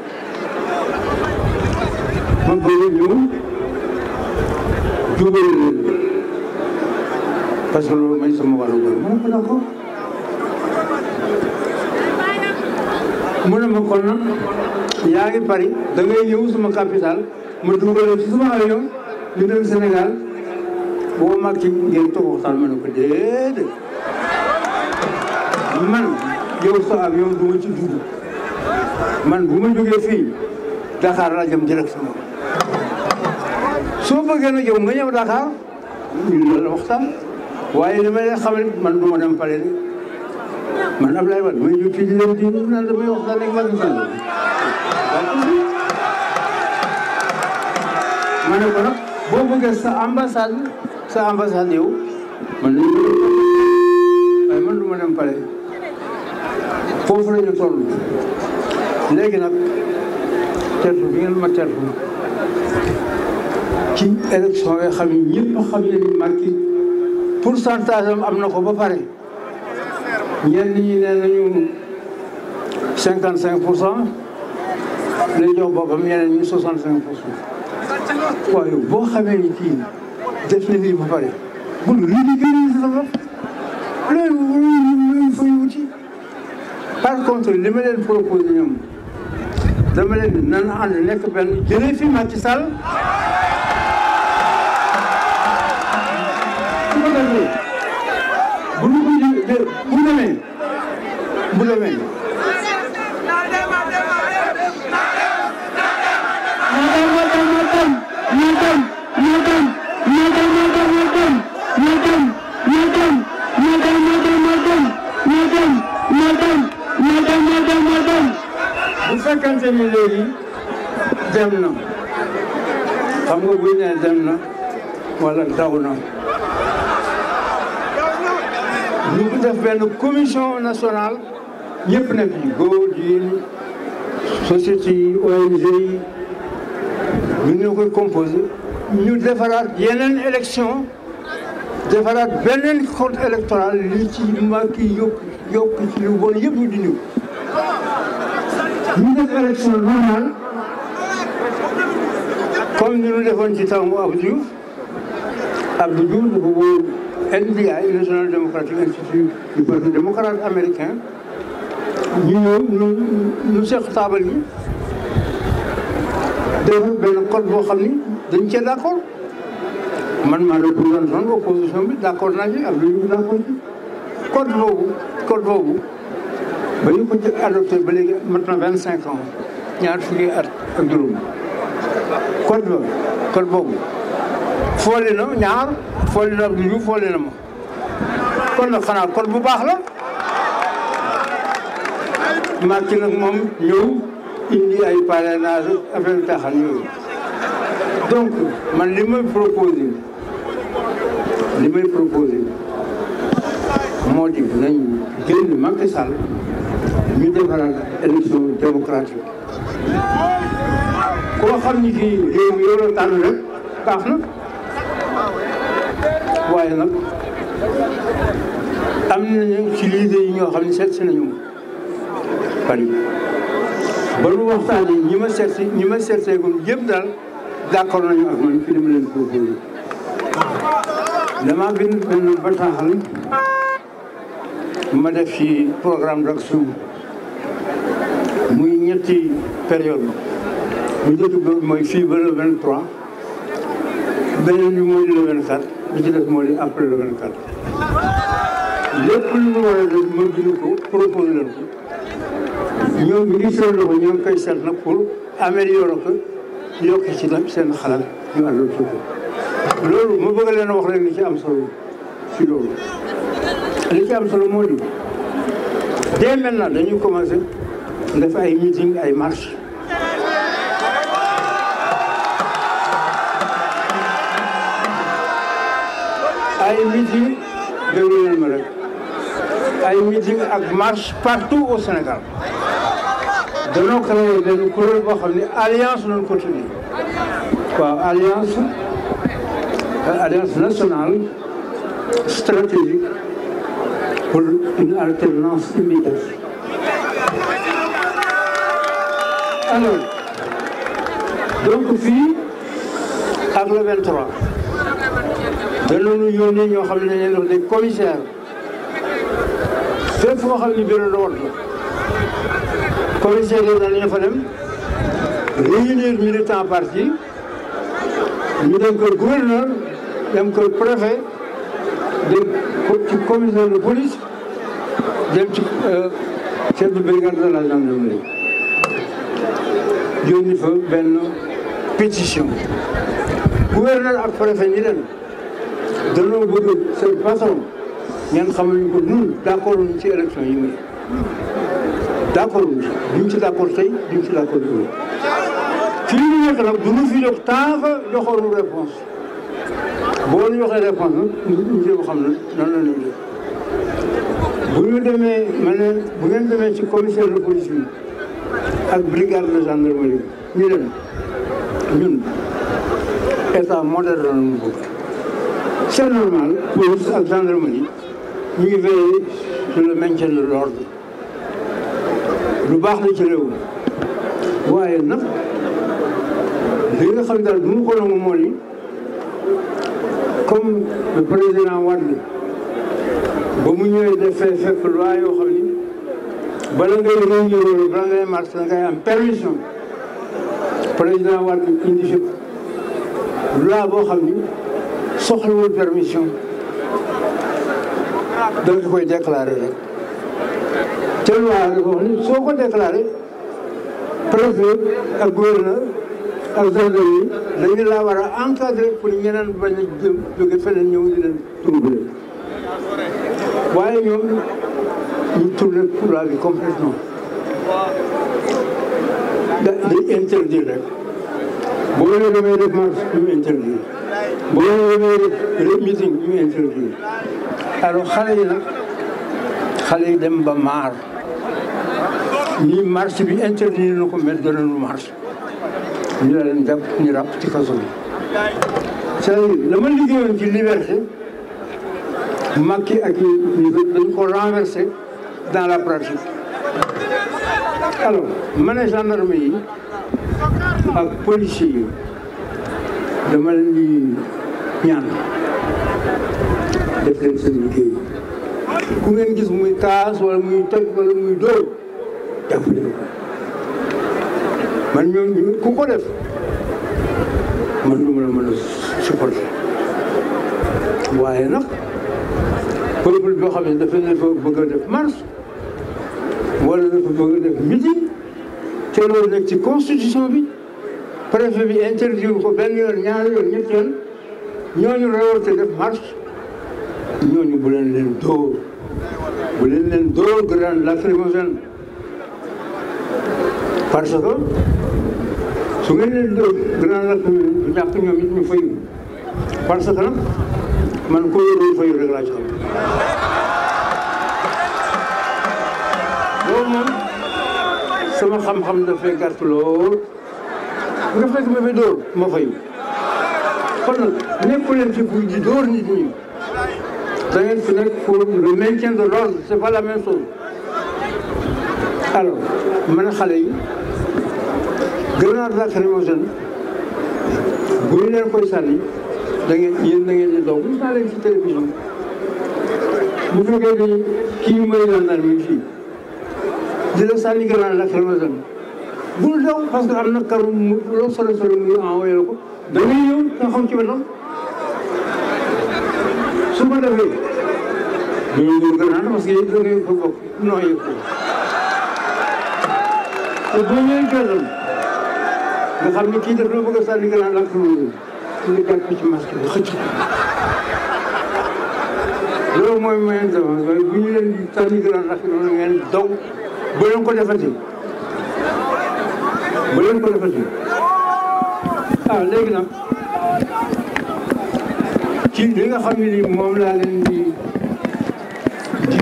ma bëgg ñu dugal leen parce que loolu may sama wàllu góor ma ne ko d'accord mu ne ma kon nag yaa ngi Paris da ngay suma capital ma dugalal ci suma avion ñu dem Sénégal boo mag ci ngeen toog waxtaan ma ne ko déedéet man yow sa avion du ma ci dugg man bu ma jógee fii Dakar laa jëm directement soo bëggee nag yow nga ñëw Dakar la waxtaan waaye li ma leen xamal man du ma dem Paris man Ablaye Wade ma jóg fii di leen diir naan damay waxtaan ak Macky Sall ma ne ko nag boo bëggee sa ambassade sa ambassade yow man lañ waaye man du ma dem pale foofu la ñu toll léegi nag tertu bi ngeen ma tertu ci élection yoo xam ne ñëpp xam ne ni Macky pourcentage am am na ko ba pare ñenn ñi nee nañu cinquante cinq pour cent lay jox boppam ñeneen ñi soixante cinq pour cent waaye boo xamee ni kii def na lii ba pare bu lu liggéey sa bopp loolu fay wuti par contre li ma leen proposé ñoom dama leen nan ànd nekk benn jëlee fi Macky Sall bu ñu bu demee bu demee bu fekkante ni léegi dem na xam nga buy ne na wala daw na ñu ngi def benn commission nationale ñëpp nekk ci góor jigéen société ONG yi ñu ñoo koy composé ñu defaraat yeneen élection defaraat beneen code électoral li ci manqué yokk yokk lu bon yëpp ñu dindi ñu def élection normale comme ni ñu ci temps Abdou Diouf Abdou Diouf dafa wóor NDI National Democratic Institute du Parti démocrate américain ñu ñëw ñu ñu seq taabal yi def benn code boo xam ni dañ cee d' accord man maa représentant opposition bi d' accord naa ci ak lu ñu d' accord ci code boobu code boobu ba ñu ko jël adopté ba léegi mat na vingt cinq ans ñaar fukki at ak juróom code boobu code boobu foole na ñaar foole na ñu foole na ma kon nag xanaa kon bu baax la Macky nag moom ñëw indi ay parrainage affaire taxan yooyu donc man li may proposé li may proposé moo di nañ génn Macky Sall ñu defaraat élection démocratique koo xam ni kii réew mi yow la tànn rek baax na waaye nag am nañu ci leader yi ñoo xam ne seet si nañu ma fan yi ba nu waxtaanee ma seet si ñi ma seet see gum yëpp daal d'accord nañu ak man fi dama leen proposé dama bind benn bataaxal ma def ci programme d'action muy ñetti période bu njëkk ba mooy fii ba le mooy le 24 li ci des moo di après le 24. lépp lu mu war a def mën nañu ko proposé leen ñoom ministère la ko ñoo ngi koy seet nag pour améliorer ko yokk ci nag seen xalaat ñu àndal ci ko. loolu ma bëgg leen wax rek li ci am solo ci loolu li ci am solo moo di dès maintenant dañu commencé def ay meeting ay marche ay meeting déglu leen ma rek ay meeting ak marche partout au Sénégal danoo créé benn kuréel boo xam ne alliance lañ ko tudd waaw alliance euh, alliance nationale stratégique pour une alternance immédiate. alors donc fii ak le 23. danañu yónnee ñoo xam ne dañuy doon des commissaires fépp foo xam ne bureau de vote la commissaire yi danañu fa dem réunir militant parti ñu dem kër gouverneur dem kër préfet dem ci commissaire de police dem ci euh, chef de brigade de la gendarmerie benn pétition gouverneur ak préfet ñi dem. danoo bëgg seen façon ngeen xamal ñu ko ñun d' accord ci élection yi muy d' accord duñ ci d' accord tey duñ ci d' ci li ñu nekk nag du ñu fi jox tant que joxoonu réponse boo ñu joxee réponse nag ñu jéem xam na nan la ñuy def bu ñu demee ma ngeen demee ci commissaire de bi ak brigade C'est normal, police ak gendarmerie ñu ngi veiller sur le maintien de l'ordre lu baax la ci réew mi waaye nag li nga xam daal bu mu ko nangu moo ni comme le président Wade ba mu ñëwee dafay fekk loi yoo xam ni bala ngay réunir wala bala ngay marché ngay am permission président Wade indi fi loi boo xam soxlawul permission danga koy déclaré rek te soo ko déclaré préfet ak gouverneur ak gendarmerie dañu laa war a encadré pour ñeneen bañ a jëm jóge feneen ñëw di leen troublé waaye ñoom ñu tourné loi complètement da di interdire rek boo leen damay def marche ñu interdire boo ñëwee meeting ñu introduire alors xale yi nag xale yi dem ba maar ñi marche bi interdire na ko mais doonanu la leen jàpp ñu ràpp ci kaso bi cest à ma liggéeyoon ak ñu dañ ko renversé dans la pratique alors ma ne gendarme yi ak policier dama leen di ñaan def leen seen liggéey ku ngeen gis muy kaas wala muy teg wala muy dóor jàppale ko man ñoom ñu ku ko def man du ma la mën a supporté waaye nag peuple boo xam ne dafa dafa bëgg a def marche wala dafa bëgg a def meeting te loolu nekk ci constitution bi. préfet bi interview ko benn yoon ñaari yoon ñetti yoon ñooñu révolté def marche ñooñu bu leen leen dóor bu leen leen dóor su ngeen leen dóor grenade lacrymogène du ñàkk ñoom it ñu fayu parce que man ko yóorul fayu rek laa sama xam-xam lool nga fekk ma fi dóor ma fayu kon nag nekku leen ci buy di dóor nit ñi da fi nekk pour le maintien de l'ordre c'est pas la même chose alors man xale yi gën a attaqué ma jeune bu ñu leen koy sànni da ngeen yéen da ngeen di daw bu ñu leen kii may naan naan mi ngi fii di la sànni bul daw parce que am na karu loo solo solo mu envoyé la ko da ngay ñëw nga xam ci wetam su ko defee dañuy gën gën a parce que yéen da ngay fa bokk noo yëg ko te boo ñëwee gàllam nga xam ne kii daf la bëgg a sànni nga naan lakk loolu nga jàpp ci masque bi xëcc loolu mooy moyen d'avance waaye bu ñu leen di sànni nga naan lakk loolu ngeen daw boo leen ko defati bu leen ko defati waaw léegi nag ci li nga xam ne nii moom laa leen di ji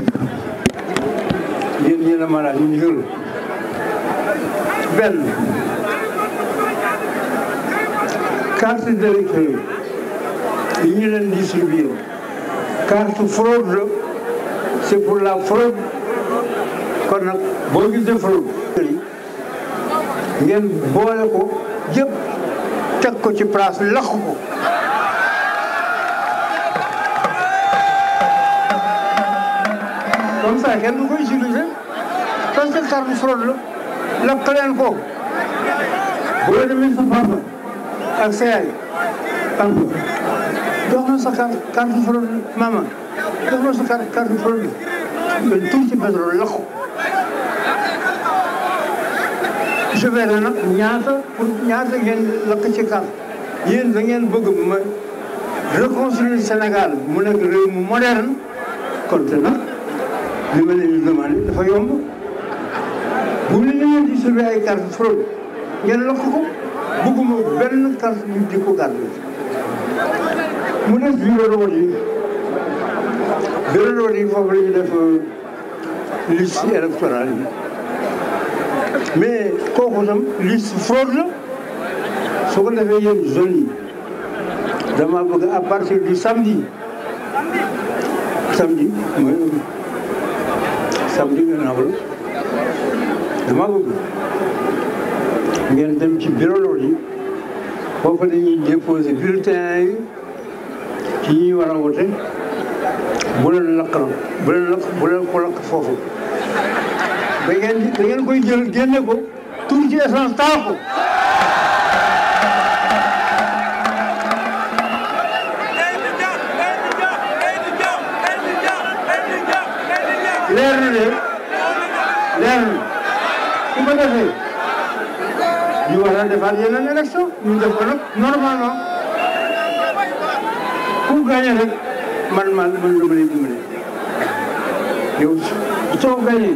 yéen ñi la mën a ñu jël benn carte d'électeur yi ñu leen distribué carte fraude la c'est pour la fraude kon nag boo gisee fraude ngeen boole ko yëpp teg ko ci place lakk ko comme ça kenn du ko utilisé parce que xar sa papa ak sa yaay am na sa carte carte fraude maman jox na sa carte carte fraude mais tuuti ci achevé na ñaata pour ñaata ci kan yéen da ngeen bëgg ma reconstruire Sénégal mu nekk réew mu moderne kon te nag li ma dafa yomb bu ñu leen di sauvé ay carte fraude ngeen lakk ko bëgguma benn carte ñu di ko mu des bureau de vote yi bureau de vote euh, électorale mais kooku itam liste fraude la su ko defee yéen zone yi dama bëgg à partir du samedi samedi mooy samedi gannaaw la dama bëgg ngeen dem ci bureau yi foofu la ñuy bulletin yi ci ñuy war a wote bu leen lakk bu leen lakk foofu da ngeen da ngeen koy jël génne ko tuur ci essence taal ko leer na de leer na su ko defee ñu war a defaat yeneen élection ñu def ko nag normalement ku gagné rek man man man lu ma lay dimbale yow soo gagné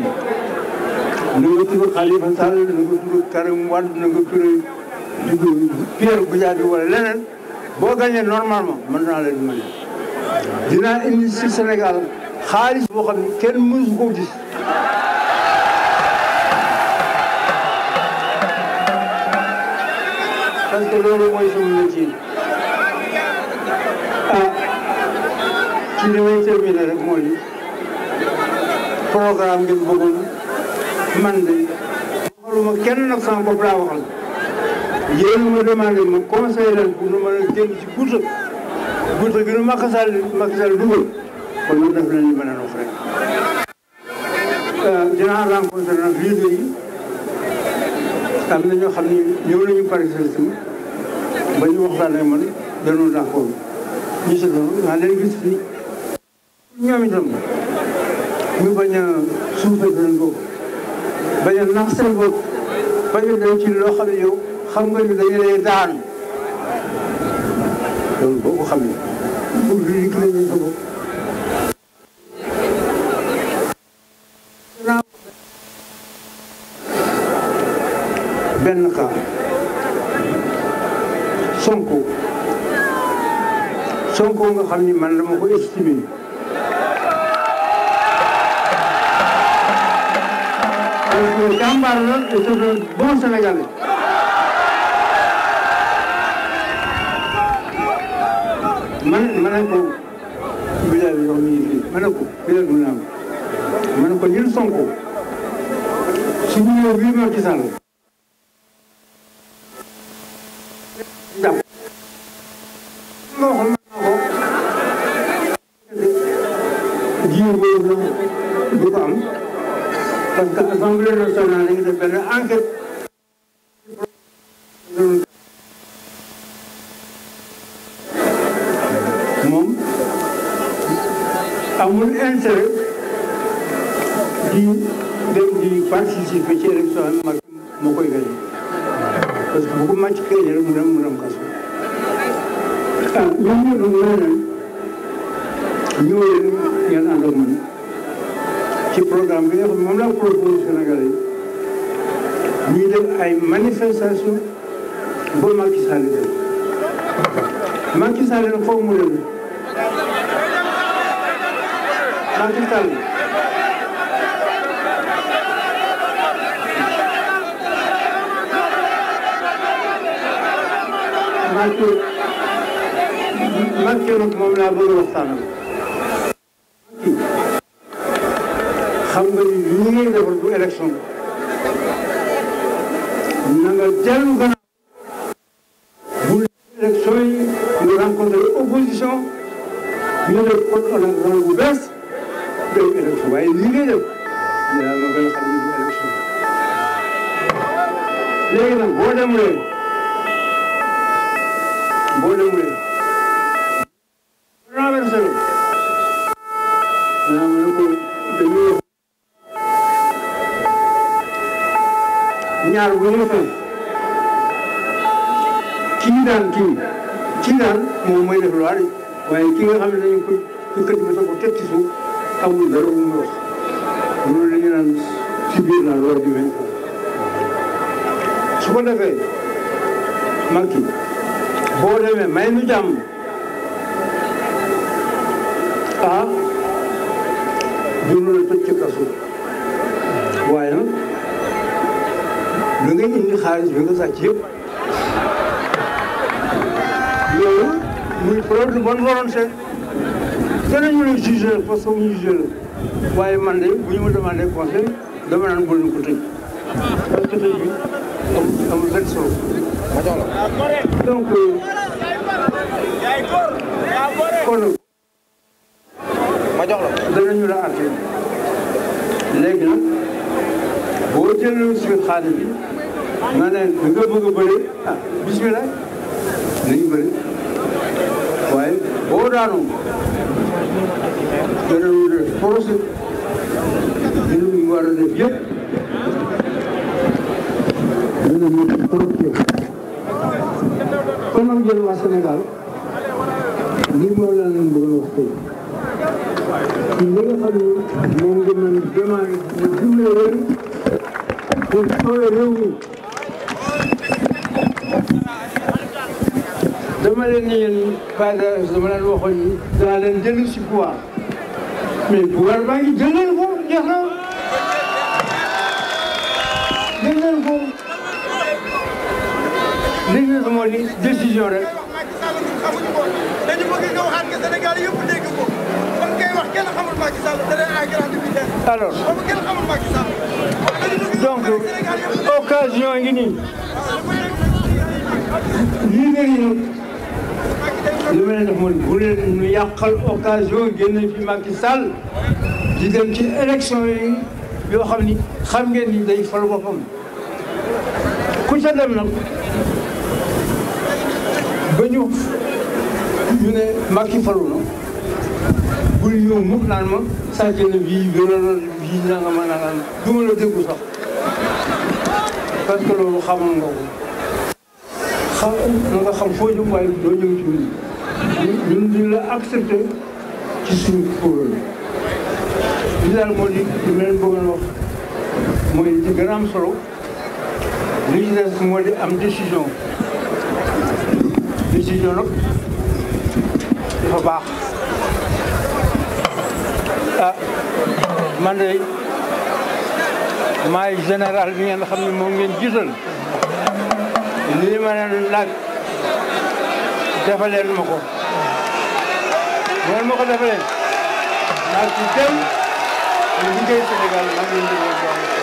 na nga tudd Khalifa Sall na nga tudd Karim Wade na nga tudd Pierre Goudiaby wala leneen boo gagné normalement mën naa la dimbali dinaa indi si Sénégal xaalis boo xam ne kenn mësu ko gis parce loolu mooy sama métier ah ci li may terminer rek mooy programme ngeen bëggoon man de waxaluma kenn nag sama bopp laa waxal yéen ma demandé ma conseil leen nu mën a jënd ci guuta guuta gi nu Macky Sall Macky Sall kon ñu def leen li mën a nof rek euh, dinaa rencontré nag leader yi am na ñoo xam ne ñëw nañu Paris saint ba ñu waxtaan ak man danoo d'accord ñu si doon naa leen gis fii ñoom itam ñu bañ a suufee beneen boobu bañ a nax seen bopp bañ a dem ci loo xam yow xam nga ni dañu daan loolu xam ne pour lu ñu lañuy sa bopp benn ka Sonko Sonko nga xam ni man dama ko estimé jàmbaar la et c'est un bon Sénégalais. man ma ne ko bilaay bi wax mi ngi fii ma ne ko bilaay bi naam ma ne ko ñun Sonko suñu ñëw bii Macky Sall jàpp ma waxoon naa ko jiw boobu du ko am parce que assemblée nationale enquête benn formule bi Macky Sall Macky Macky nag moom laa bëgg waxtaanal xam nga ni li ngay defar bu élection na nga dellu gën ñu ne kon alal raw bu bees day élection waaye lii ngay def yàlla ma koy xam ne du élection léegi nag boo demulee ñaar bu ñu fay kii daan kii kii daan moom mooy waaye ki nga xam ne dañu ko ñu kët ma sa ko teg ci suuf amul dara mu wax loolu la ñu naan a jumeñ ko su ko defee Macky boo demee may nu jàmm ah dund la tëj ci kaso waaye nag da ngay indi xaalis bi nga sàcc yëpp loolu du bonne volonté danañu la juger parce que ñu juger la waaye man de bu ñu ma demandé conseil dama naan bu leen ko tëj parce que tëj bi am amul benn la euh, àtte léegi boo jëlee suñu xaalis bi nga ne nga bëgg a bëri ah bisimilah nañu pour pour réew mi dama leen ne yéen PADS dama leen waxoon ni si pouvoir mais pouvoir baa ngi jël leen ko jeex na jël leen ko li nga xamoon ni décision rek. kenn xamul Macky Sall ay grande vitesse. alors kenn xamul donc occasion ngi nii. lii nga nii li ma leen def mooy bu leen ñu yàqal occasion génne fi Macky Sall di dem ci élection yi yoo xam ni xam ngeen ni day fal boppam ku ca dem nag ba ñu ñu ne Macky falu bul ñëw mukk naan ma Sadio ne bii gënoon bii nanga ma naan du ma la sax parce que loolu xamoon nga ko xam nga xam foo jëm waaye doo ñëw ci ñun ñun di la accepté ci suñu kuréel li daal moo li ma gën am solo li décision décision nag dafa baax man de maay général bi ngeen xam ne moom ngeen gisal ma ne laaj defaleen ma ko loolu ma ko defaleen naa ci dem liggéey Sénégal maa ngi leen di